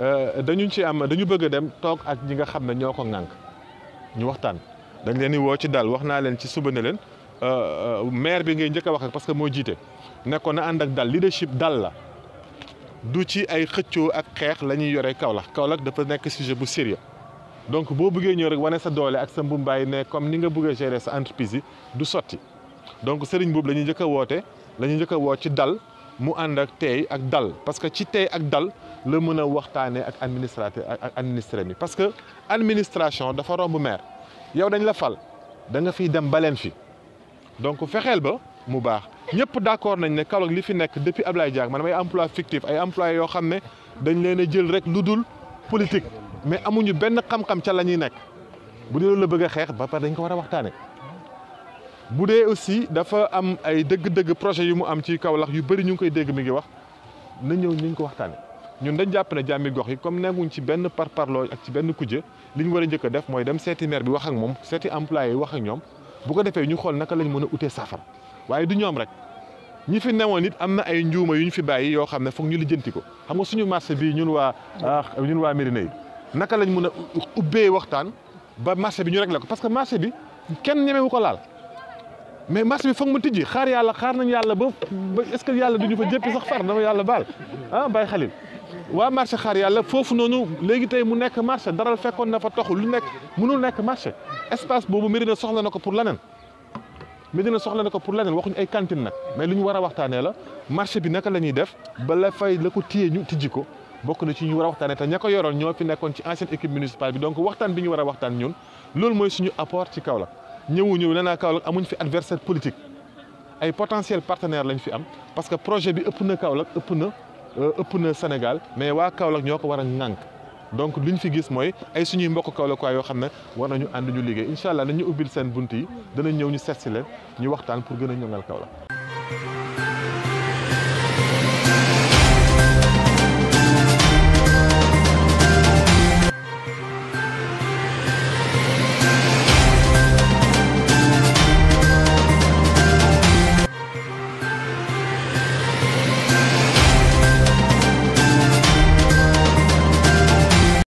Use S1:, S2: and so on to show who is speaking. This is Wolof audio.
S1: Euh, dañu ci am dañu bëgg dem toog ak ñi nga xam ne ñoo ko ŋànk ñu waxtaan dañ leen di woo ci dal wax naa leen ci suba ne leen euh, euh, maire bi ngay a wax ak parce que ne ko na ak dal leadership dal la du ci ay xëccoo ak xeex la ñuy yore Kaolack Kaolack dafa nekk sujet bu sérieux donc boo bëggee ñëw rek wane sa doole ak sa mbumbaay ne comme ni nga bëgg a gérer sa entreprise du donc sëriñ la ñuy njëkk a ci dal mu ànd ak tey ak dal parce que ci ak dal le mëna waxtané ak administrateur ak administré mi parce que administration dafa rombu maire yow dañ la fal da nga fi dem balen fi donc fexel ba mu bax ñëpp d'accord nañ ne kalok li fi nek depuis Ablaye diak man may emploi fictif ay emploi yo xamné dañ leena jël rek luddul politique mais amuñu benn xam-xam ci lañuy nek bu dé loolu bëgg xex ba par dañ ko wara waxtané bu dé aussi dafa am ay deug deug projet yu mu am ci kawlax yu bari ñu ngi koy dégg mi ngi wax na ñëw ñu ngi ko waxtané ñun dañ jàpp ne jàmmi gox yi comme nekkuñ ci benn parparloo ak ci benn kujje li ñu war a jëkk a def mooy dem seeti maire bi wax ak moom seeti employé yi wax ak ñoom bu ko defee ñu xool naka lañ mën a utee safara waaye du ñoom rek ñi fi newoon it am na ay njuuma yu ñu fi bàyyi yoo xam ne foog ñu lijjanti ko xam nga suñu marché bii ñun waa ah, ñun waa Médina yi naka lañ mun a ubbee waxtaan ba marché bi ñu réglé ko parce que marché bi kenn ñemewu ko laal mais marché bi foog mu tijji xaar yàlla xaar nañ yàlla ba est-ce que yàlla duñu fa jëppi sax far dama yàlla baal ah bàyyi xalil waa marché xar yàlla foofu noonu léegi tey mu nekk marché daral fekkoon na fa tox lu nekk mënul nekk marché espace boobu Médina soxla na ko pour leneen Médina soxla na ko pour leneen waxuñu ay cantine nag mais lu ñu war a waxtaanee la marché bi naka la ñuy def bala la fay la ko téye ñu tijji ko bokk na ci ñu war a waxtaanee te ña ko yoroon ñoo fi nekkoon ci ancienne équipe municipale bi donc waxtaan bi ñu war a waxtaan ñun loolu mooy suñu apport ci Kaolack ñëwu ñëw lenaa Kaolack amuñ fi adversaire politique ay potentiel partenaire lañ fi am parce que projet bi ëpp na Kaolack ëpp na Euh, ëpp na Sénégal mais waa Kaolack ñoo ko war a ŋànk donc li ñu fi gis mooy ay suñuy mbokk Kaolack waa yoo xam ne war nañu ànd ñu liggéey incha allah ñu ubbil seen bunt yi dana ñëw ñu seet si leen ñu waxtaan pour gën a ñoŋal Kaolack